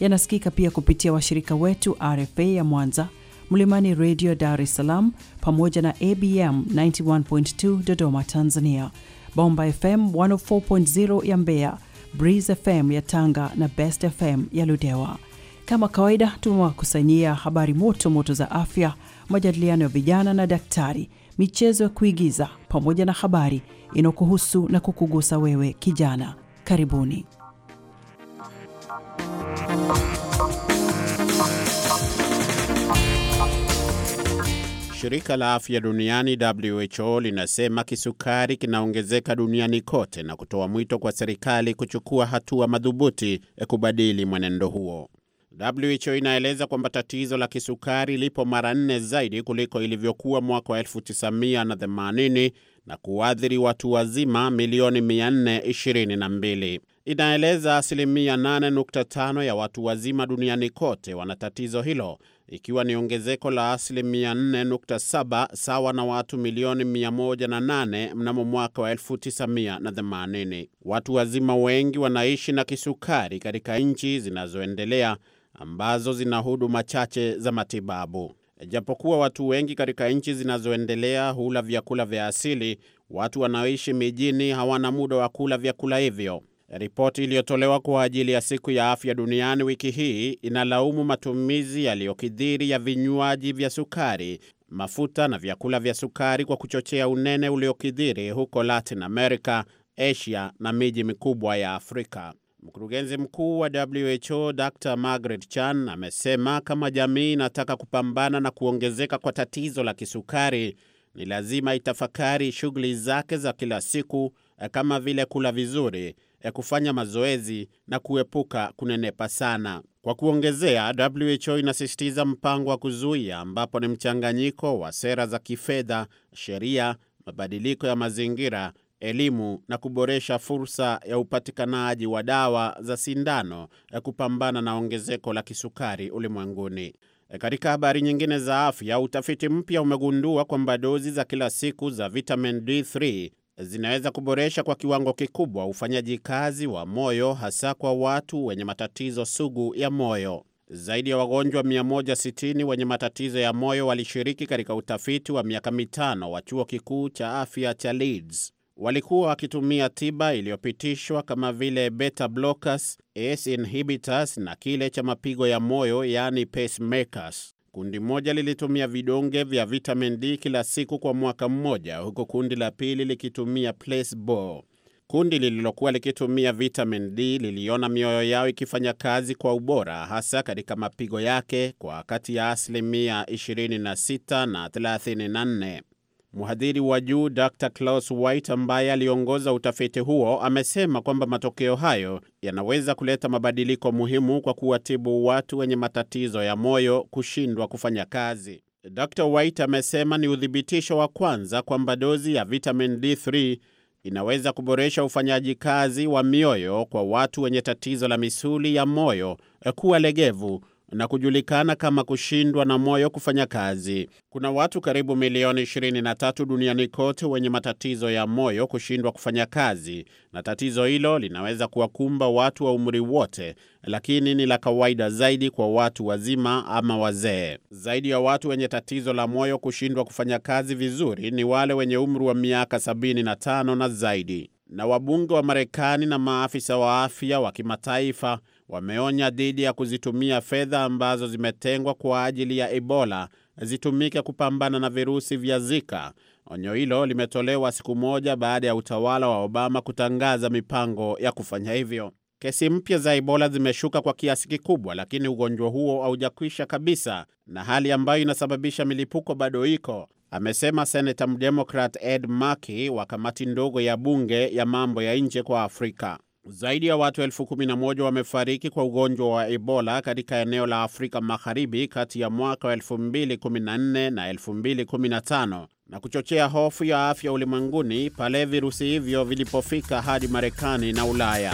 yanasikika pia kupitia washirika wetu RFA ya Mwanza, Mlimani Radio Dar es Salaam pamoja na ABM 91.2 Dodoma Tanzania, Bomba FM 104.0 ya Mbeya, Breeze FM ya Tanga na Best FM ya Ludewa. Kama kawaida, tumewakusanyia habari moto moto za afya, majadiliano ya vijana na daktari, michezo ya kuigiza pamoja na habari inayokuhusu na kukugusa wewe kijana. Karibuni. Shirika la Afya Duniani WHO linasema kisukari kinaongezeka duniani kote na kutoa mwito kwa serikali kuchukua hatua madhubuti kubadili mwenendo huo. WHO inaeleza kwamba tatizo la kisukari lipo mara nne zaidi kuliko ilivyokuwa mwaka wa 1980 na kuathiri watu wazima milioni 422 inaeleza asilimia 8.5 ya watu wazima duniani kote wana tatizo hilo, ikiwa ni ongezeko la asilimia 4.7 sawa na watu milioni 108 mnamo mwaka wa 1980. Watu wazima wengi wanaishi na kisukari katika nchi zinazoendelea ambazo zina huduma chache za matibabu. Japokuwa watu wengi katika nchi zinazoendelea hula vyakula vya asili, watu wanaoishi mijini hawana muda wa kula vyakula hivyo. Ripoti iliyotolewa kwa ajili ya siku ya afya duniani wiki hii inalaumu matumizi yaliyokidhiri ya vinywaji vya sukari, mafuta na vyakula vya sukari kwa kuchochea unene uliokidhiri huko Latin America, Asia na miji mikubwa ya Afrika. Mkurugenzi mkuu wa WHO Dr Margaret Chan amesema kama jamii inataka kupambana na kuongezeka kwa tatizo la kisukari, ni lazima itafakari shughuli zake za kila siku eh, kama vile kula vizuri ya kufanya mazoezi na kuepuka kunenepa sana. Kwa kuongezea, WHO inasisitiza mpango wa kuzuia ambapo ni mchanganyiko wa sera za kifedha, sheria, mabadiliko ya mazingira, elimu na kuboresha fursa ya upatikanaji wa dawa za sindano ya kupambana na ongezeko la kisukari ulimwenguni. E, katika habari nyingine za afya, utafiti mpya umegundua kwamba dozi za kila siku za vitamin D3 zinaweza kuboresha kwa kiwango kikubwa ufanyaji kazi wa moyo hasa kwa watu wenye matatizo sugu ya moyo. Zaidi ya wagonjwa 160 wenye matatizo ya moyo walishiriki katika utafiti wa miaka mitano wa chuo kikuu cha afya cha Leeds. Walikuwa wakitumia tiba iliyopitishwa kama vile beta blockers, ACE inhibitors na kile cha mapigo ya moyo yaani pacemakers. Kundi moja lilitumia vidonge vya vitamin D kila siku kwa mwaka mmoja, huku kundi la pili likitumia placebo. Kundi lililokuwa likitumia vitamin D liliona mioyo yao ikifanya kazi kwa ubora, hasa katika mapigo yake kwa kati ya asilimia 26 na 34. Mhadhiri wa juu Dr Klaus White ambaye aliongoza utafiti huo amesema kwamba matokeo hayo yanaweza kuleta mabadiliko muhimu kwa kuwatibu watu wenye matatizo ya moyo kushindwa kufanya kazi. Dr White amesema ni uthibitisho wa kwanza kwamba dozi ya vitamin D3 inaweza kuboresha ufanyaji kazi wa mioyo kwa watu wenye tatizo la misuli ya moyo eh, kuwa legevu na kujulikana kama kushindwa na moyo kufanya kazi. Kuna watu karibu milioni 23 duniani kote wenye matatizo ya moyo kushindwa kufanya kazi, na tatizo hilo linaweza kuwakumba watu wa umri wote, lakini ni la kawaida zaidi kwa watu wazima ama wazee. Zaidi ya watu wenye tatizo la moyo kushindwa kufanya kazi vizuri ni wale wenye umri wa miaka 75 na zaidi. Na wabunge wa Marekani na maafisa wa afya wa kimataifa wameonya dhidi ya kuzitumia fedha ambazo zimetengwa kwa ajili ya Ebola zitumike kupambana na virusi vya Zika. Onyo hilo limetolewa siku moja baada ya utawala wa Obama kutangaza mipango ya kufanya hivyo. Kesi mpya za Ebola zimeshuka kwa kiasi kikubwa, lakini ugonjwa huo haujakwisha kabisa, na hali ambayo inasababisha milipuko bado iko, amesema senata mdemokrat Ed Markey wa kamati ndogo ya bunge ya mambo ya nje kwa Afrika. Zaidi ya watu elfu kumi na moja wamefariki kwa ugonjwa wa Ebola katika eneo la Afrika Magharibi kati ya mwaka wa 2014 na 2015 na kuchochea hofu ya afya ulimwenguni pale virusi hivyo vilipofika hadi Marekani na Ulaya.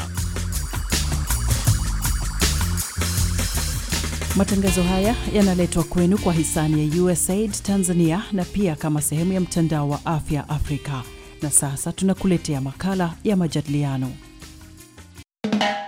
Matangazo haya yanaletwa kwenu kwa hisani ya USAID Tanzania na pia kama sehemu ya mtandao wa afya Afrika. Na sasa tunakuletea makala ya majadiliano. Thank you.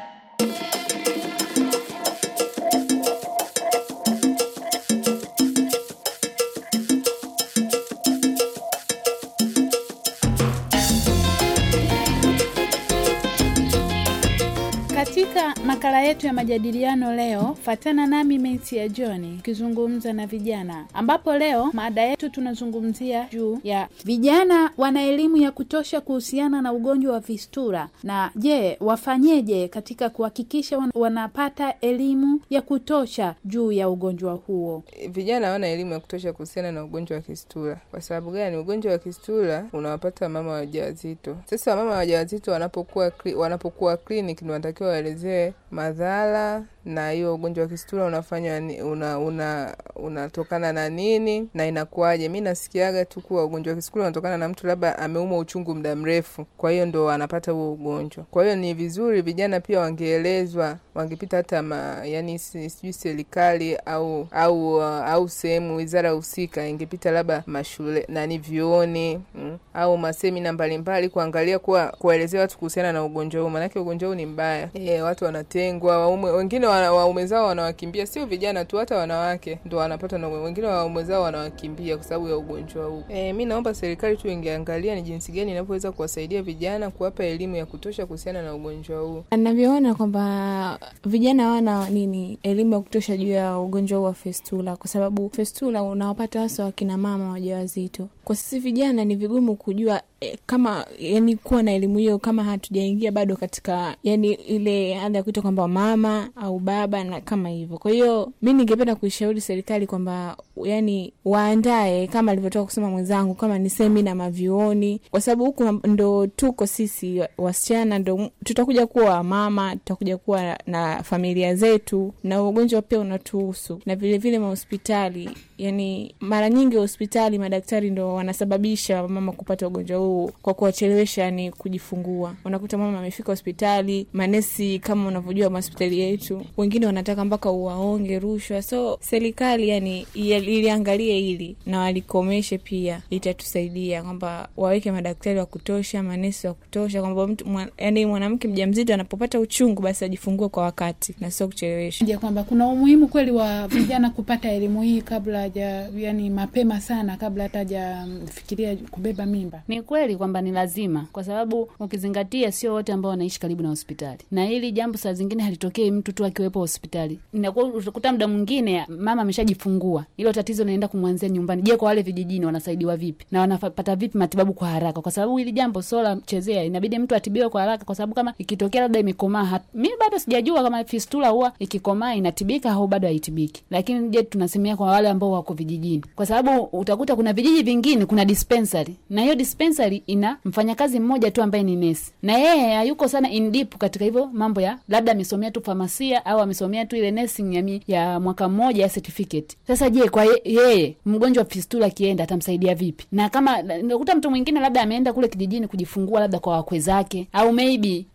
makala yetu ya majadiliano leo, fatana nami Mensi ya joni ukizungumza na vijana, ambapo leo maada yetu tunazungumzia juu ya vijana wana elimu ya kutosha kuhusiana na ugonjwa wa vistura, na je, wafanyeje katika kuhakikisha wanapata elimu ya kutosha juu ya ugonjwa huo. Vijana hawana elimu ya kutosha kuhusiana na ugonjwa wa kistura. Kwa sababu gani? Ugonjwa wa kistura unawapata mama wajawazito. Sasa mama wajawazito wanapokuwa wanapokuwa kliniki, ni wanatakiwa waelezee madhara na hiyo ugonjwa wa kistura unafanywa una, una, unatokana na nini na inakuwaje? Mi nasikiaga tu kuwa ugonjwa wa kistura unatokana na mtu labda ameumwa uchungu muda mrefu, kwa hiyo ndo anapata huo ugonjwa. Kwa hiyo ni vizuri vijana pia wangeelezwa, wangepita hata ma, yani sijui serikali au au uh, au sehemu wizara husika ingepita labda mashule nani vioni mm, au masemina mbalimbali kuangalia kuwa kuwaelezea watu kuhusiana na ugonjwa huu, maanake ugonjwa huu ni mbaya. E, watu wanatengwa waume wengine wa waume zao wanawakimbia, sio vijana tu, hata wanawake ndo wanapata, na wengine waume zao wanawakimbia kwa sababu ya ugonjwa huu. E, mi naomba serikali tu ingeangalia ni jinsi gani inavyoweza kuwasaidia vijana, kuwapa elimu ya kutosha kuhusiana na ugonjwa huu. Anavyoona kwamba vijana wana nini elimu ya kutosha juu ya ugonjwa huu wa festula kwa sababu festula unawapata hasa wakinamama wajawazito. Kwa sisi vijana ni vigumu kujua Eh, kama yani kuwa na elimu hiyo kama hatujaingia bado katika yani ile hali ya kuita kwamba mama au baba na kama hivyo. Kwa hiyo mi ningependa kuishauri serikali kwamba yani waandae kama alivyotoka kusema mwenzangu, kama ni semina mavyuoni, kwa sababu huku ndo tuko sisi wasichana, ndo tutakuja kuwa mama, tutakuja kuwa na familia zetu, na ugonjwa pia unatuhusu na vilevile mahospitali yani mara nyingi hospitali madaktari ndo wanasababisha mama kupata ugonjwa huu kwa kuwachelewesha yani kujifungua. Unakuta mama amefika hospitali, manesi kama unavyojua mahospitali yetu wengine wanataka mpaka uwaonge rushwa, so serikali yani iliangalia hili na walikomeshe pia, itatusaidia kwamba waweke madaktari wa kutosha, manesi wa kutosha, kwamba mtu yani mwanamke mzito anapopata uchungu basi ajifungue kwa wakati na sio kuchelewesha, kwamba kuna umuhimu kweli wa vijana kupata elimu hii kabla haja yani mapema sana kabla hata hajafikiria mm, kubeba mimba. Ni kweli kwamba ni lazima, kwa sababu ukizingatia sio wote ambao wanaishi karibu na hospitali, na hili jambo saa zingine halitokei mtu tu akiwepo hospitali. Inakuwa utakuta muda mwingine mama ameshajifungua, hilo tatizo linaenda kumwanzia nyumbani. Je, kwa wale vijijini wanasaidiwa vipi na wanapata vipi matibabu kwa haraka? Kwa sababu hili jambo sio la mchezea, inabidi mtu atibiwe kwa haraka, kwa sababu kama ikitokea labda imekomaa, mi bado sijajua kama fistula huwa ikikomaa inatibika au bado haitibiki, lakini je, tunasemea kwa wale ambao wako vijijini, kwa sababu utakuta kuna vijiji vingine kuna dispensary na hiyo dispensary ina mfanyakazi mmoja tu ambaye ni nesi, na yeye hayuko sana in deep katika hivyo mambo ya labda amesomea tu famasia au amesomea tu ile nursing ya, mi, ya mwaka mmoja ya certificate. Sasa je, kwa yeye mgonjwa fistula akienda atamsaidia vipi? Na kama nakuta mtu mwingine labda ameenda kule kijijini kujifungua labda kwa wakwe zake, au maybe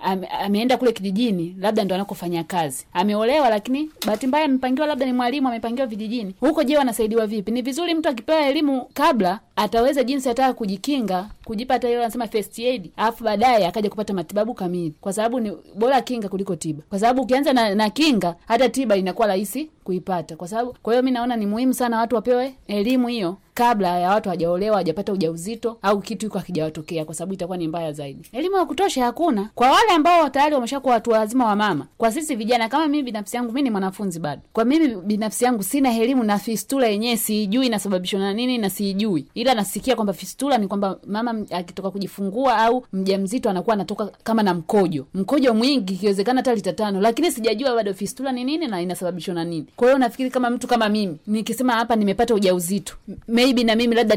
ameenda kule kijijini labda ndo anakofanya kazi, ameolewa, lakini bahati mbaya amepangiwa labda ni mwalimu, amepangiwa vijijini huko, je wanasaidia kusaidiwa vipi. Ni vizuri mtu akipewa elimu kabla, ataweza jinsi ataka kujikinga, kujipa hata ile anasema first aid, alafu baadaye akaja kupata matibabu kamili, kwa sababu ni bora kinga kuliko tiba, kwa sababu ukianza na, na kinga hata tiba inakuwa rahisi kuipata, kwa sababu kwa hiyo mi naona ni muhimu sana watu wapewe elimu hiyo kabla ya watu hawajaolewa hawajapata ujauzito au kitu iko akijawatokea kwa sababu itakuwa ni mbaya zaidi. Elimu ya kutosha hakuna kwa wale ambao tayari wameshakuwa watu wazima wa mama. Kwa sisi vijana kama mimi binafsi yangu, mi ni mwanafunzi bado, kwa mimi binafsi yangu sina elimu na fistula yenyewe siijui nasababishwa na nini na siijui, ila nasikia kwamba fistula ni kwamba mama akitoka kujifungua au mja mzito anakuwa anatoka kama na mkojo, mkojo mwingi, ikiwezekana hata lita tano, lakini sijajua bado fistula ni nini na inasababishwa na nini. Kwa hiyo nafikiri kama mtu kama mimi nikisema hapa nimepata ujauzito, maybe na mimi labda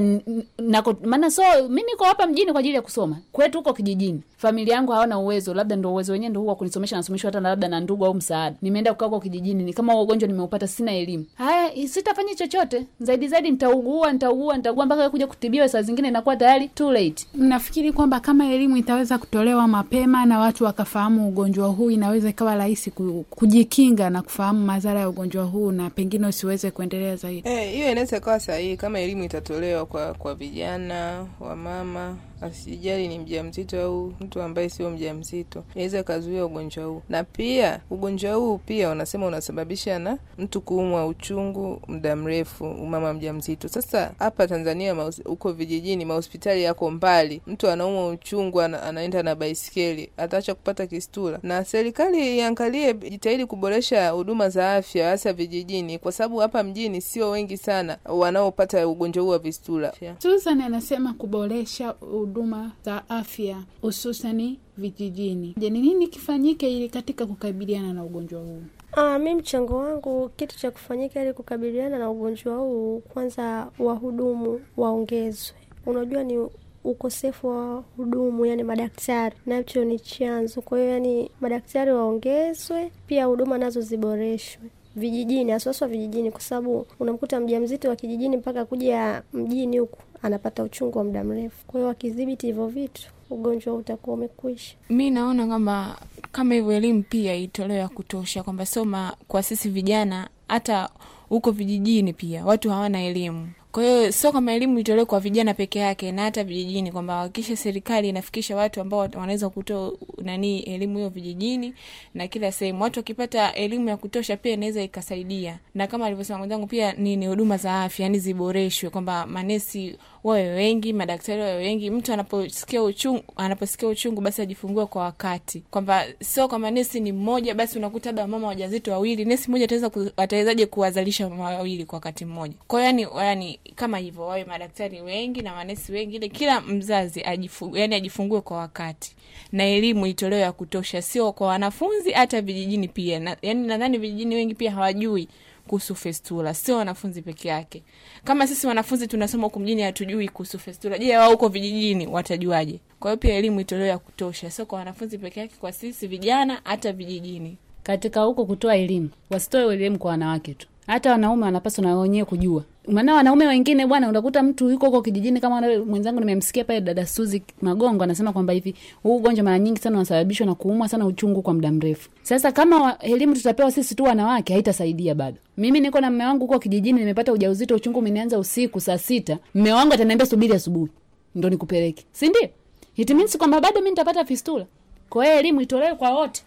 nako, maana so mi niko hapa mjini kwa ajili ya kusoma, kwetu huko kijijini familia yangu hawana uwezo, labda ndo uwezo wenyewe ndo huwa kunisomesha, nasomeshwa hata labda na ndugu au msaada. Nimeenda kukaa huko kijijini, ni kama ugonjwa nimeupata, sina elimu, haya sitafanyi chochote zaidi zaidi, nitaugua nitaugua nitaugua mpaka kuja kutibiwa, saa zingine inakuwa tayari too late. Nafikiri kwamba kama elimu itaweza kutolewa mapema na watu wakafahamu ugonjwa huu, inaweza ikawa rahisi kujikinga na kufahamu madhara ya ugonjwa huu na pengine usiweze kuendelea zaidi? Eh, hiyo hey, inaweza kawa sahihi kama elimu itatolewa kwa, kwa vijana wamama asijali ni mjamzito au mtu ambaye sio mjamzito, inaweza kazuia ugonjwa huu. Na pia ugonjwa huu pia unasema unasababisha na mtu kuumwa uchungu muda mrefu, mja mjamzito. Sasa hapa Tanzania huko vijijini mahospitali yako mbali, mtu anaumwa uchungu ana, anaenda na baiskeli ataacha kupata kistura. Na serikali iangalie, jitahidi kuboresha huduma za afya hasa vijijini, kwa sababu hapa mjini sio wengi sana wanaopata ugonjwa huu wa vistura. Susan anasema kuboresha huduma za afya hususani vijijini. Je, ni nini kifanyike ili katika kukabiliana na ugonjwa huu? Ah, mi mchango wangu, kitu cha kufanyika ili kukabiliana na ugonjwa huu, kwanza wahudumu waongezwe. Unajua ni ukosefu wa hudumu, yani madaktari nacho ni chanzo. Kwa hiyo, yani madaktari waongezwe, pia huduma nazo ziboreshwe vijijini, haswahaswa vijijini, kwa sababu unamkuta mjamzito wa kijijini mpaka kuja mjini huku anapata uchungu wa muda mrefu. Kwa hiyo wakidhibiti hivyo vitu, ugonjwa utakuwa umekwisha. Mi naona kwamba kama hivyo elimu pia itolewe ya kutosha, kwamba soma kwa sisi vijana, hata huko vijijini pia watu hawana elimu kwa hiyo sio kama elimu itolewe kwa vijana peke yake, na hata vijijini, kwamba wakikisha serikali inafikisha watu ambao wanaweza kutoa nani elimu hiyo vijijini na kila sehemu. Watu wakipata elimu ya kutosha, pia inaweza ikasaidia, na kama alivyosema mwenzangu, pia ni huduma za afya, yani ziboreshwe, kwamba manesi wawe wengi, madaktari wawe wengi, mtu anaposikia uchungu, anaposikia uchungu basi ajifungue kwa wakati, kwamba sio kwamba nesi ni mmoja basi unakuta labda mama wajazito wawili, nesi mmoja ataweza atawezaje kuwazalisha mama wawili kwa wakati mmoja? kwao yani, yani kama hivyo, wawe madaktari wengi na manesi wengi, ile kila mzazi ajifungue, yani ajifungue kwa wakati, na elimu itolewe ya kutosha, sio kwa wanafunzi, hata vijijini pia na, yani nadhani vijijini wengi pia hawajui kuhusu festula, sio wanafunzi peke yake. Kama sisi wanafunzi tunasoma huku mjini hatujui kuhusu festula, je, wao huko vijijini watajuaje? Kwa hiyo pia elimu itolewe ya kutosha, sio kwa wanafunzi peke yake, kwa sisi vijana, hata vijijini. Katika huko kutoa elimu, wasitoe elimu kwa wanawake tu hata wanaume wanapaswa na wenyewe kujua maana wanaume wengine bwana unakuta mtu yuko huko kijijini kama mwenzangu nimemsikia pale dada Suzi Magongo anasema kwamba hivi huu ugonjwa mara nyingi sana unasababishwa na kuumwa sana uchungu kwa muda mrefu sasa kama elimu tutapewa sisi tu wanawake haitasaidia bado mimi niko na mme wangu huko kijijini nimepata ujauzito uchungu umenianza usiku saa sita mme wangu ataniambia subiri asubuhi ndo nikupeleke sindio ndio it means kwamba bado mi nitapata fistula kwa hiyo elimu itolewe kwa wote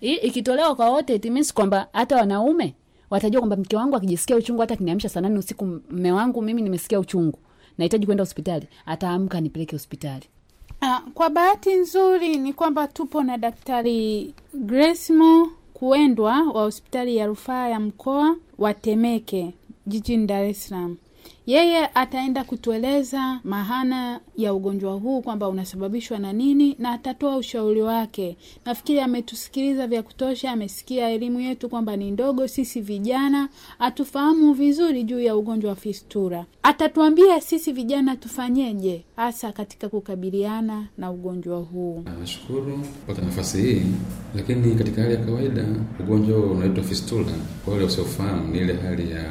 ikitolewa kwa wote it means kwamba hata wanaume watajua kwamba mke wangu akijisikia uchungu hata kiniamsha saa nane usiku mme wangu mimi nimesikia uchungu nahitaji kwenda hospitali ataamka nipeleke hospitali ah, kwa bahati nzuri ni kwamba tupo na Daktari Gresmo Kuendwa wa hospitali ya rufaa ya mkoa wa Temeke jijini Dar es Salaam. Yeye ataenda kutueleza maana ya ugonjwa huu kwamba unasababishwa na nini na atatoa ushauri wake. Nafikiri ametusikiliza vya kutosha, amesikia elimu yetu kwamba ni ndogo, sisi vijana atufahamu vizuri juu ya ugonjwa wa fistura Atatuambia sisi vijana tufanyeje hasa katika kukabiliana na ugonjwa huu. Nashukuru pata nafasi hii, lakini katika hali ya kawaida ugonjwa unaitwa fistula. Kwa ule usiofahamu ni ile hali ya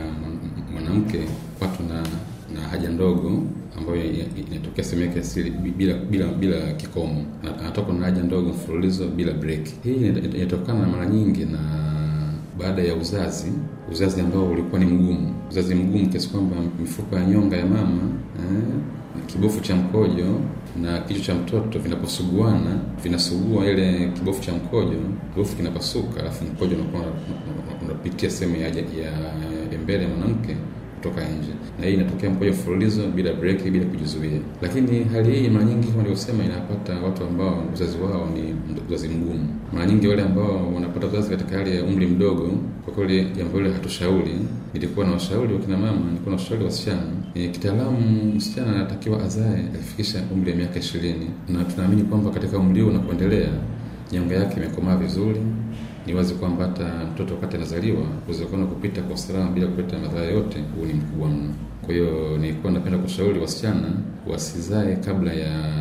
mwanamke kuwa na, na haja ndogo ambayo inatokea sehemu yake asili bila bila bila kikomo, anatoka na haja ndogo mfululizo bila break. Hii inatokana na mara nyingi na baada ya uzazi, uzazi ambao ulikuwa ni mgumu, uzazi mgumu kiasi kwamba mifupa ya nyonga ya mama eh, kibofu cha mkojo na kichwa cha mtoto vinaposuguana, vinasugua ile kibofu cha mkojo, kibofu kinapasuka, alafu mkojo unakuwa unapitia sehemu ya, ya, ya mbele ya mwanamke kutoka nje, na hii inatokea mkoja fululizo bila breki, bila kujizuia. Lakini hali hii mara nyingi kama nilivyosema, inapata watu ambao uzazi wao ni uzazi mgumu. Mara nyingi wale ambao wanapata uzazi katika hali ya umri mdogo, kwa kweli jambo hilo hatushauri. Nilikuwa na washauri wakina mama, nilikuwa na washauri wasichana. E, kitaalamu msichana anatakiwa azae akifikisha umri wa miaka ishirini, na tunaamini kwamba katika umri huu na kuendelea, nyonga yake imekomaa vizuri ni wazi kwamba hata mtoto wakati anazaliwa uwezekano kupita kwa salama bila kupata madhara yote huu ni mkubwa mno. Kwa hiyo nilikuwa napenda kushauri wasichana wasizae kabla ya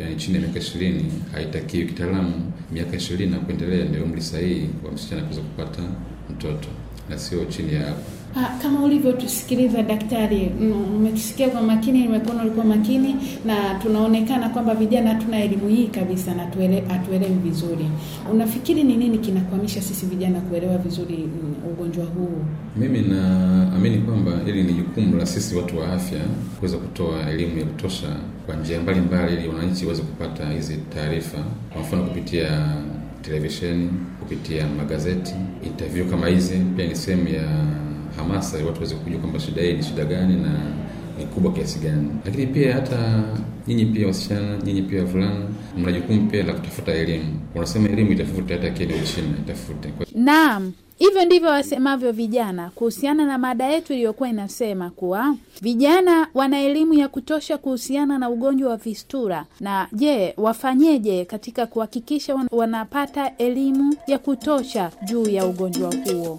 yani chini ya miaka ishirini. Haitakiwi kitaalamu, miaka ishirini na kuendelea ndio umri sahihi wa msichana kuweza kupata mtoto na sio chini ya hapo. Ah, kama ulivyotusikiliza daktari, mm, umetusikia kwa makini, nimekuona ulikuwa makini, na tunaonekana kwamba vijana hatuna elimu hii kabisa na hatuelewi vizuri. Unafikiri ni nini kinakwamisha sisi vijana kuelewa vizuri mm, ugonjwa huu? Mimi naamini kwamba hili ni jukumu la sisi watu wa afya kuweza kutoa elimu ya kutosha kwa njia mbalimbali, ili wananchi waweze kupata hizi taarifa, kwa mfano kupitia televisheni, kupitia magazeti, intevyu kama hizi pia ni sehemu ya hamasa watu waweze kujua kwamba shida hii ni shida gani na ni kubwa kiasi gani. Lakini pia hata nyinyi pia wasichana, nyinyi pia wavulana, mna jukumu pia la kutafuta elimu. Wanasema elimu itafute, hata kile Uchina itafute. Naam. Hivyo ndivyo wasemavyo vijana kuhusiana na mada yetu iliyokuwa inasema kuwa vijana wana elimu ya kutosha kuhusiana na ugonjwa wa vistura, na je, wafanyeje katika kuhakikisha wanapata elimu ya kutosha juu ya ugonjwa huo?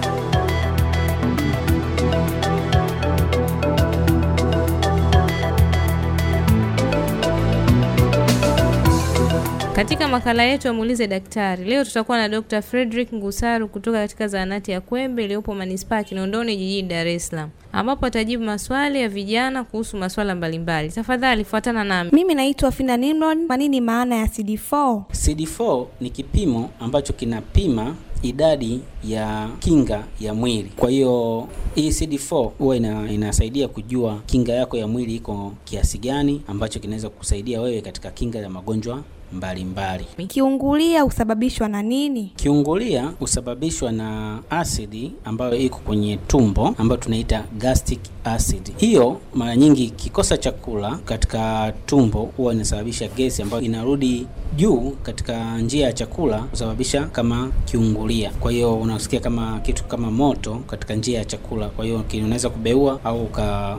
Katika makala yetu ya muulize daktari leo tutakuwa na Dr. Frederick Ngusaru kutoka katika zahanati ya Kwembe iliyopo manispaa ya Kinondoni jijini Dar es Salaam, ambapo atajibu maswali ya vijana kuhusu maswala mbalimbali. Tafadhali fuatana nami. Mimi naitwa Fina Nimron. Kwa nini maana ya CD4? CD4 ni kipimo ambacho kinapima idadi ya kinga ya mwili. Kwa hiyo hii CD4 huwa ina, inasaidia kujua kinga yako ya mwili iko kiasi gani ambacho kinaweza kukusaidia wewe katika kinga ya magonjwa mbalimbali Kiungulia husababishwa na nini? Kiungulia husababishwa na asidi ambayo iko kwenye tumbo ambayo tunaita gastric acid. Hiyo mara nyingi kikosa chakula katika tumbo huwa inasababisha gesi ambayo inarudi juu katika njia ya chakula kusababisha kama kiungulia. Kwa hiyo unasikia kama kitu kama moto katika njia ya chakula, kwa hiyo unaweza kubeua au uka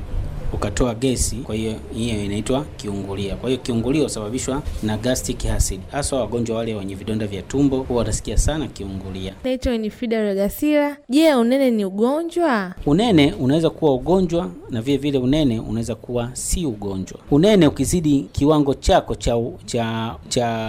ukatoa gesi, kwa hiyo hiyo inaitwa kiungulia. Kwa hiyo kiungulia husababishwa na gastric acid, hasa wagonjwa wale wenye vidonda vya tumbo huwa watasikia sana kiungulia. Naitwa ni Frida Regasira. Je, unene ni ugonjwa? Unene unaweza kuwa ugonjwa na vile vile unene unaweza kuwa si ugonjwa. Unene ukizidi kiwango chako cha cha cha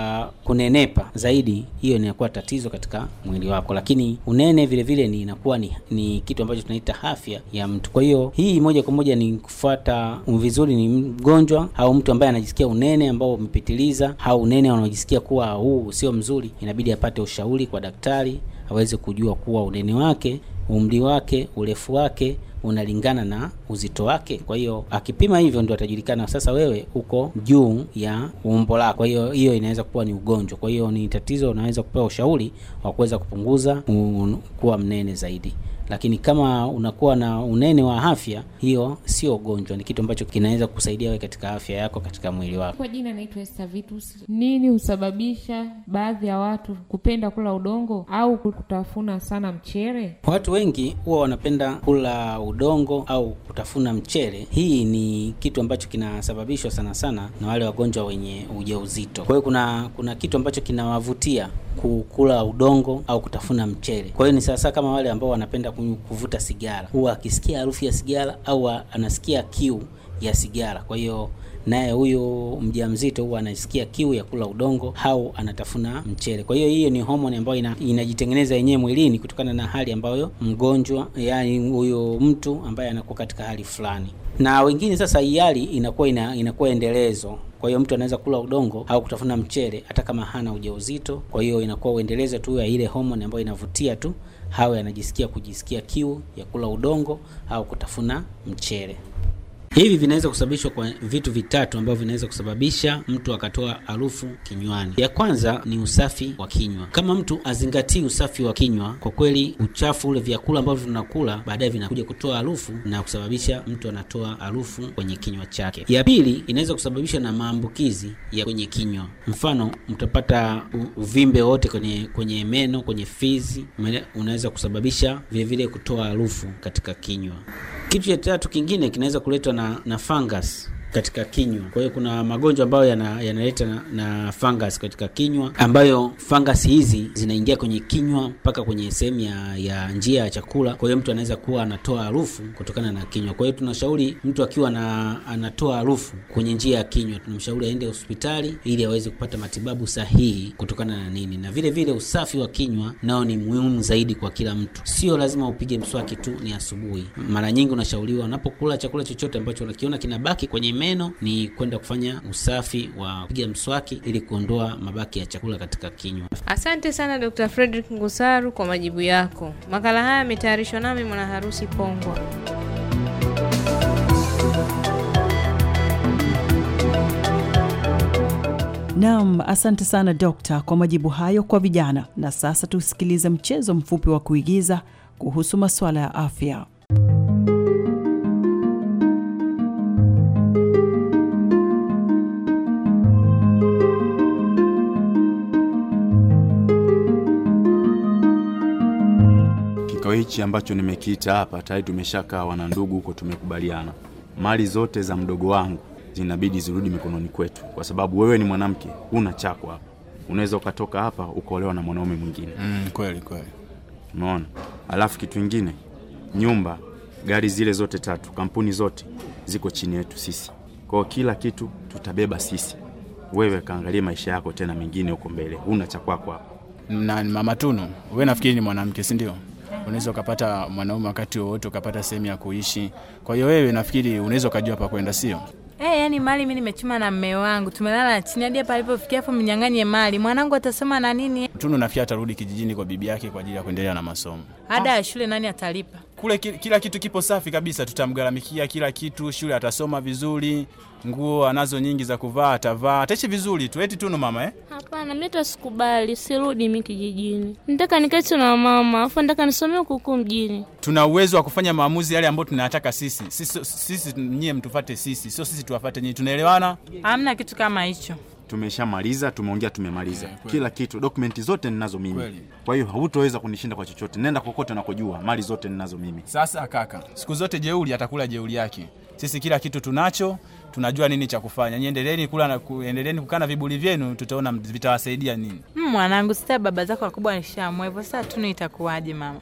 kunenepa zaidi, hiyo inakuwa tatizo katika mwili wako. Lakini unene vile vile ni inakuwa ni, ni kitu ambacho tunaita afya ya mtu. Kwa hiyo hii moja kwa moja ni kufuata vizuri, ni mgonjwa au mtu ambaye anajisikia unene ambao umepitiliza au unene anaojisikia kuwa huu sio mzuri, inabidi apate ushauri kwa daktari aweze kujua kuwa unene wake, umri wake, urefu wake unalingana na uzito wake. Kwa hiyo akipima hivyo ndio atajulikana sasa wewe uko juu ya umbo lako. Kwa hiyo hiyo inaweza kuwa ni ugonjwa, kwa hiyo ni tatizo, unaweza kupewa ushauri wa kuweza kupunguza kuwa mnene zaidi lakini kama unakuwa na unene wa afya, hiyo sio ugonjwa, ni kitu ambacho kinaweza kusaidia wewe katika afya yako, katika mwili wako. Kwa jina naitwa Vitus. Nini husababisha baadhi ya watu kupenda kula udongo au kutafuna sana mchele Watu wengi huwa wanapenda kula udongo au kutafuna mchele Hii ni kitu ambacho kinasababishwa sana sana na wale wagonjwa wenye ujauzito. Kwa hiyo kuna kuna kitu ambacho kinawavutia kukula udongo au kutafuna mchele. Kwa hiyo ni sasa kama wale ambao wanapenda kuvuta sigara, huwa akisikia harufu ya sigara au anasikia kiu ya sigara. Kwa hiyo naye huyu mjamzito huwa anasikia kiu ya kula udongo au anatafuna mchele. Kwa hiyo hiyo ni homoni ambayo ina, inajitengeneza yenyewe mwilini kutokana na hali ambayo mgonjwa, yani huyo mtu ambaye anakuwa katika hali fulani. Na wengine sasa hii inakuwa ina, inakuwa endelezo kwa hiyo mtu anaweza kula udongo au kutafuna mchele hata kama hana ujauzito. Kwa hiyo inakuwa uendelezo tu ya ile homoni ambayo inavutia tu hawe anajisikia kujisikia kiu ya kula udongo au kutafuna mchele. Hivi vinaweza kusababishwa kwa vitu vitatu ambavyo vinaweza kusababisha mtu akatoa harufu kinywani. Ya kwanza ni usafi wa kinywa. Kama mtu azingatii usafi wa kinywa, kwa kweli uchafu ule, vyakula ambavyo tunakula baadaye vinakuja kutoa harufu na kusababisha mtu anatoa harufu kwenye kinywa chake. Ya pili inaweza kusababishwa na maambukizi ya kwenye kinywa, mfano mtapata uvimbe wote kwenye kwenye meno, kwenye fizi, unaweza kusababisha vilevile kutoa harufu katika kinywa. Kitu cha tatu kingine kinaweza kuletwa na, na fungus katika kinywa. Kwa hiyo kuna magonjwa ambayo yanaleta yana na, na fungus katika kinywa, ambayo fungus hizi zinaingia kwenye kinywa mpaka kwenye sehemu ya, ya njia ya chakula. Kwa hiyo mtu anaweza kuwa anatoa harufu kutokana na kinywa. Kwa hiyo tunashauri mtu akiwa na, anatoa harufu kwenye njia ya kinywa, tunamshauri aende hospitali ili aweze kupata matibabu sahihi kutokana na nini. Na vile vile usafi wa kinywa nao ni muhimu zaidi kwa kila mtu. Sio lazima upige mswaki tu ni asubuhi. Mara nyingi unashauriwa unapokula chakula chochote ambacho unakiona kinabaki kwenye meno ni kwenda kufanya usafi wa kupiga mswaki ili kuondoa mabaki ya chakula katika kinywa. Asante sana Dr. Frederick Ngusaru kwa majibu yako. Makala haya yametayarishwa nami mwana harusi Pongwa. Naam, asante sana dokta kwa majibu hayo kwa vijana. Na sasa tusikilize mchezo mfupi wa kuigiza kuhusu masuala ya afya. hichi ambacho nimekiita hapa, tayari tumeshakaa wana ndugu huko, tumekubaliana mali zote za mdogo wangu zinabidi zirudi mikononi kwetu, kwa sababu wewe ni mwanamke, huna chako hapa. Unaweza ukatoka hapa ukaolewa na mwanaume mwingine. Mm, kweli kweli, unaona. Alafu kitu kingine, nyumba, gari zile zote tatu, kampuni zote ziko chini yetu sisi, kwao kila kitu tutabeba sisi. Wewe kaangalie maisha yako tena mengine huko mbele, huna cha kwako hapa. Na mama Tunu, wewe nafikiri ni mwanamke, si ndio? unaweza ukapata mwanaume wakati wowote, ukapata sehemu ya kuishi. Kwa hiyo wewe, nafikiri unaweza ukajua pa kwenda, sio? Hey, eh, yani mali mi nimechuma na mme wangu, tumelala chini hadi hapa alipofikia, afu mnyang'anye mali mwanangu, atasoma na nini? Tunu nafia atarudi kijijini kwa bibi yake kwa ajili ya kuendelea na masomo. Ada ya shule nani atalipa? kule kila kitu kipo safi kabisa, tutamgaramikia kila kitu. Shule atasoma vizuri, nguo anazo nyingi za kuvaa, atavaa, ataishi vizuri tu. Eti Tunu mama eh? Hapana, mimi tasikubali, sirudi mimi kijijini, nataka nikae na mama, afu nataka nisomee huku mjini. Tuna uwezo wa kufanya maamuzi yale ambayo tunayataka sisi. Sisi, sisi nyie mtufate sisi, sio sisi tuwafate nyinyi. Tunaelewana? Hamna kitu kama hicho tumeshamaliza, tumeongea, tumemaliza yeah, kila kitu, dokumenti zote ninazo mimi kweli. Kwa hiyo hautoweza kunishinda kwa chochote, nenda kokote nakojua, mali zote ninazo mimi. Sasa kaka, siku zote jeuri atakula jeuri yake. Sisi kila kitu tunacho, tunajua nini cha kufanya. Nyi kula na kuendeleeni kukaa na vibuli vyenu, tutaona vitawasaidia nini. Hmm, mwanangu, sasa baba zako wakubwa alishamwa hivyo, sasa tunu itakuwaje mama?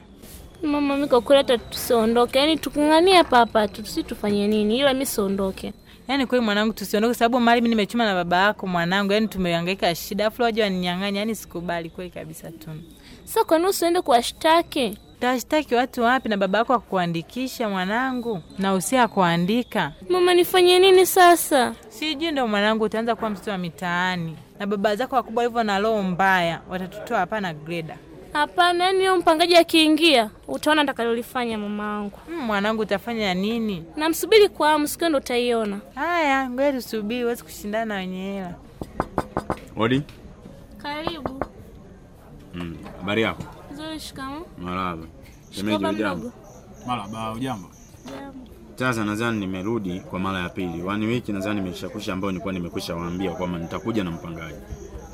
Mama, mimi kwa hata tusiondoke, yani tukung'ania papa tusitufanye tu, si tufanye nini, ila mimi siondoke. Yaani kweli mwanangu, tusiondoke sababu mali mimi nimechuma na baba yako mwanangu, yaani tumehangaika shida, afu waje waninyang'anya, yaani sikubali kweli kabisa tu. Sasa kwa nini usiende kuwashtaki? Tashtaki watu wapi na baba yako akuandikisha mwanangu, na usia akuandika Mama, nifanye nini sasa? Sijui, ndo mwanangu, utaanza kuwa mtoto wa mitaani na baba zako wakubwa hivyo na roho mbaya, watatutoa hapa na greda Hapana, yani huyo mpangaji akiingia utaona nitakalolifanya mama wangu. Mm, mwanangu utafanya nini? Namsubiri kwa hamu, sikio ndo utaiona. Haya, ngoja tusubiri, huwezi kushindana na wenye hela. Odi. Karibu. Mm, habari yako? Nzuri, shikamoo. Marhaba. Shemeji, ujambo? Marhaba, ujambo? Sasa nadhani nimerudi kwa mara ya pili. Wani wiki nadhani nimeshakusha ambayo nilikuwa nimekwisha waambia kwamba nitakuja na mpangaji.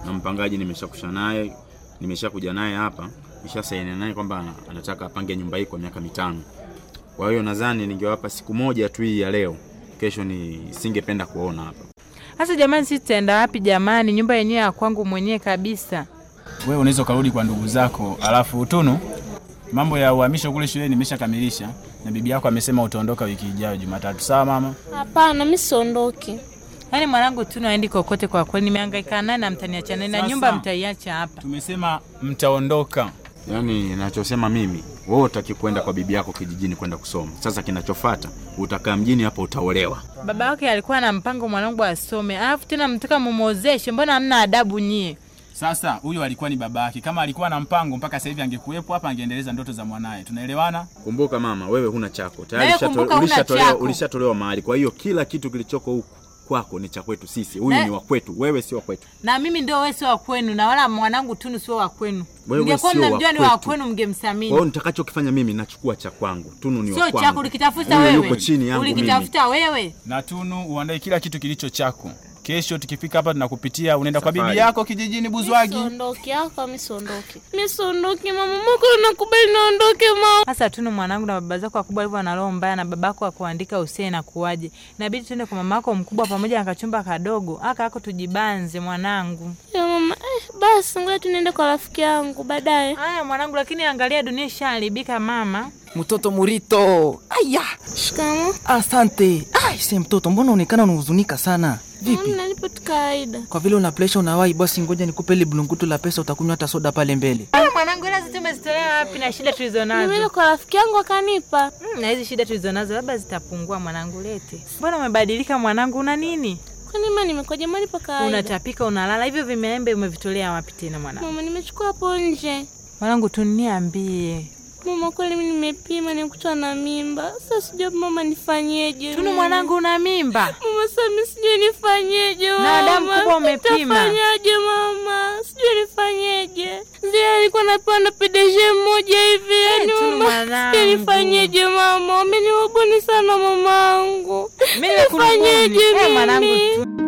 Na mpangaji nimeshakusha naye nimeshakuja naye hapa, nishasaini naye kwamba anataka apange nyumba hii kwa miaka mitano. Kwa hiyo nadhani ningewapa siku moja tu hii ya leo, kesho ni singependa kuona hapa. Sasa jamani, sisi tutaenda wapi jamani? Nyumba yenyewe ya kwangu mwenyewe kabisa. Wewe unaweza ukarudi kwa ndugu zako, alafu Tunu, mambo ya uhamisho kule shuleni nimeshakamilisha na bibi yako amesema utaondoka wiki ijayo Jumatatu. Sawa mama? Hapana, mimi siondoki. Yaani mwanangu tu naendi kokote kwa kweli, nimehangaika naye na mtaniacha naye na nyumba mtaiacha hapa. Tumesema mtaondoka. Yaani ninachosema mimi, wewe utaki kwenda kwa bibi yako kijijini kwenda kusoma. Sasa kinachofuata utakaa mjini hapa utaolewa. Baba yake alikuwa na mpango mwanangu asome, alafu tena mtaka mumozeshe. Mbona hamna adabu nyie? Sasa huyo alikuwa ni baba yake. Kama alikuwa na mpango mpaka sasa hivi angekuwepo hapa, angeendeleza ndoto za mwanaye. Tunaelewana? Kumbuka mama, wewe huna chako tayari, ulishatolewa mahali. Kwa hiyo kila kitu kilichoko huku kwako ni cha kwetu sisi, huyu ni wa kwetu, wewe sio wa kwetu. Na mimi ndio wewe sio wa kwenu, na wala mwanangu Tunu sio wa kwenu. Mngekuwa mnamjua ni wa kwenu, mngemsamini. Kwa hiyo nitakachokifanya mimi nachukua cha kwangu, Tunu ni wa kwangu, sio chako. Ulikitafuta wewe, chini yangu mimi, ulikitafuta wewe, na Tunu uandae kila kitu kilicho chako. Kesho tukifika hapa tunakupitia, unaenda kwa bibi yako kijijini Buzwagi. Msiondoke yako msiondoke, msiondoke mama mko, nakubali naondoke mama. Sasa tunu mwanangu, na baba zako wakubwa hivyo na roho mbaya, na babako akuandika usiye na kuaje inabidi tuende kwa mamako mkubwa pamoja na kachumba kadogo aka yako tujibanze mwanangu. Ya mama, eh, basi ngoja tunaende kwa rafiki yangu baadaye. Haya mwanangu, lakini angalia dunia ishaharibika mama. Mtoto murito. Aya. Shikamo. Asante. Ai, se mtoto, mbona unaonekana unahuzunika sana? Vipi? tu kawaida. Kwa vile una presha unawahi, basi ngoja nikupe ile blungutu la pesa, utakunywa hata soda pale mbele. Ah, mwanangu, ila zote umezitolea wapi na shida nazo? Mimi kwa rafiki yangu akanipa. Mm, na hizi shida tulizonazo labda zitapungua mwanangu, lete. Mbona umebadilika mwanangu, una nini? Kwani mimi nimekuwa jamani pa kawaida. Unatapika, unalala. Hivyo vimeembe umevitolea wapi tena mwanangu? Mama, nimechukua hapo nje. Mwanangu, tuniambie. Mama, kweli mimi nimepima nikutwa na mimba. Sasa sijui mama nifanyeje? Tunu mwanangu una mimba. Mama, sasa mimi sijui nifanyeje mama. Na damu kubwa umepima. Nifanyeje mama? Sijui nifanyeje. Zile alikuwa na pedeje mmoja hivi. Hey, eh, yani Tunu mwanangu. Sijui nifanyeje mama. Ameniwabuni sana mamangu. Mimi nifanyeje eh, mimi? mwanangu tu.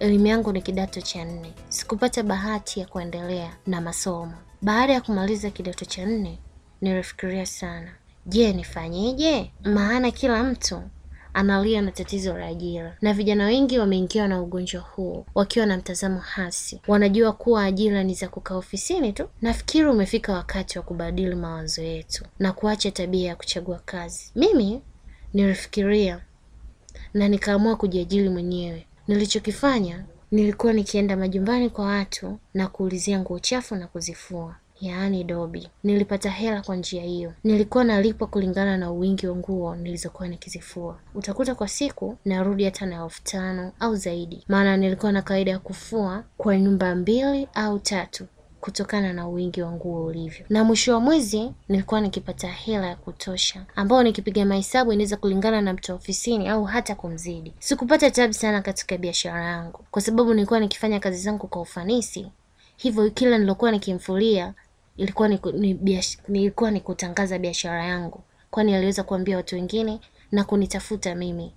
elimu yangu ni kidato cha nne. Sikupata bahati ya kuendelea na masomo. Baada ya kumaliza kidato cha nne, nilifikiria sana, je, nifanyeje? Maana kila mtu analia na tatizo la ajira, na vijana wengi wameingiwa na ugonjwa huu wakiwa na mtazamo hasi. Wanajua kuwa ajira ni za kukaa ofisini tu. Nafikiri umefika wakati wa kubadili mawazo yetu na kuacha tabia ya kuchagua kazi. Mimi nilifikiria na nikaamua kujiajiri mwenyewe Nilichokifanya nilikuwa nikienda majumbani kwa watu na kuulizia nguo chafu na kuzifua yaani dobi. Nilipata hela kwa njia hiyo. Nilikuwa nalipwa kulingana na wingi wa nguo nilizokuwa nikizifua. Utakuta kwa siku narudi hata na elfu tano au zaidi, maana nilikuwa na kawaida ya kufua kwa nyumba mbili au tatu kutokana na wingi wa nguo ulivyo. Na mwisho wa mwezi nilikuwa nikipata hela ya kutosha, ambayo nikipiga mahesabu inaweza kulingana na mtu ofisini au hata kumzidi. Sikupata tabu sana katika biashara yangu, kwa sababu nilikuwa nikifanya kazi zangu kwa ufanisi, hivyo kila nilokuwa nikimfulia ilikuwa ni, ni, biash, nilikuwa ni kutangaza biashara yangu, kwani aliweza kuambia watu wengine na kunitafuta mimi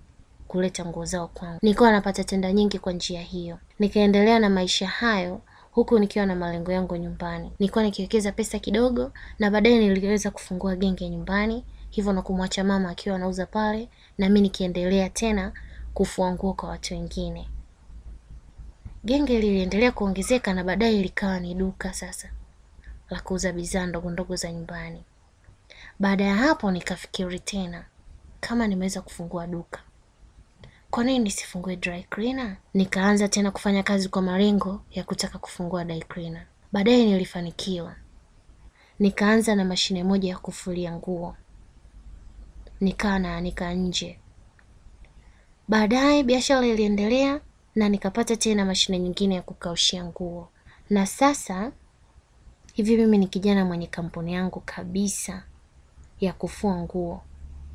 kuleta nguo zao kwangu. Nilikuwa napata tenda nyingi kwa njia hiyo. Nikaendelea na maisha hayo huku nikiwa na malengo yangu nyumbani. Nilikuwa nikiwekeza pesa kidogo, na baadaye niliweza kufungua genge nyumbani, hivyo na kumwacha mama akiwa anauza pale, na mimi nikiendelea tena kufua nguo kwa watu wengine. Genge liliendelea kuongezeka na baadaye likawa ni duka sasa la kuuza bidhaa ndogo ndogo za nyumbani. Baada ya hapo nikafikiri tena kama nimeweza kufungua duka kwa nini nisifungue dry cleaner? Nikaanza tena kufanya kazi kwa malengo ya kutaka kufungua dry cleaner. Baadaye nilifanikiwa, nikaanza na mashine moja ya kufulia nguo, nikaa naanika nje. Baadaye biashara iliendelea na nikapata tena mashine nyingine ya kukaushia nguo, na sasa hivi mimi ni kijana mwenye kampuni yangu kabisa ya kufua nguo.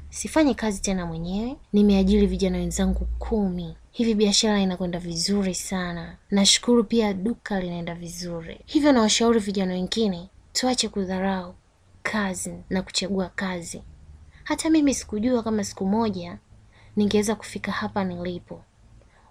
Sifanyi kazi tena mwenyewe, nimeajiri vijana wenzangu kumi. Hivi biashara inakwenda vizuri sana, nashukuru. Pia duka linaenda vizuri, hivyo nawashauri vijana wengine tuache kudharau kazi na kuchagua kazi. Hata mimi sikujua kama siku moja ningeweza kufika hapa nilipo.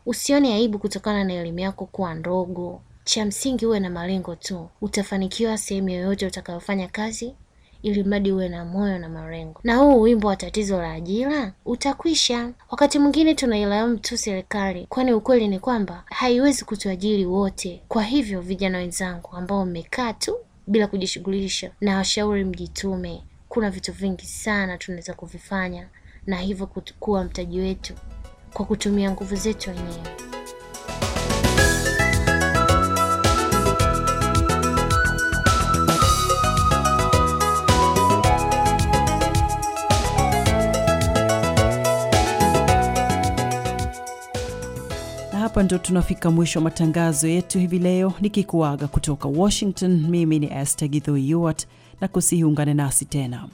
Usione aibu kutokana na elimu yako kuwa ndogo. Cha msingi uwe na malengo tu, utafanikiwa sehemu yoyote utakayofanya kazi ili mradi uwe na moyo na malengo. Na huu wimbo wa tatizo la ajira utakwisha. Wakati mwingine tunailaumu tu serikali, kwani ukweli ni kwamba haiwezi kutuajiri wote. Kwa hivyo, vijana wenzangu ambao mmekaa tu bila kujishughulisha, na washauri mjitume. Kuna vitu vingi sana tunaweza kuvifanya na hivyo kuwa mtaji wetu kwa kutumia nguvu zetu wenyewe. hapa ndo tunafika mwisho wa matangazo yetu hivi leo, nikikuaga kutoka Washington. Mimi ni este Githo Yuart, na kusihiungane nasi tena.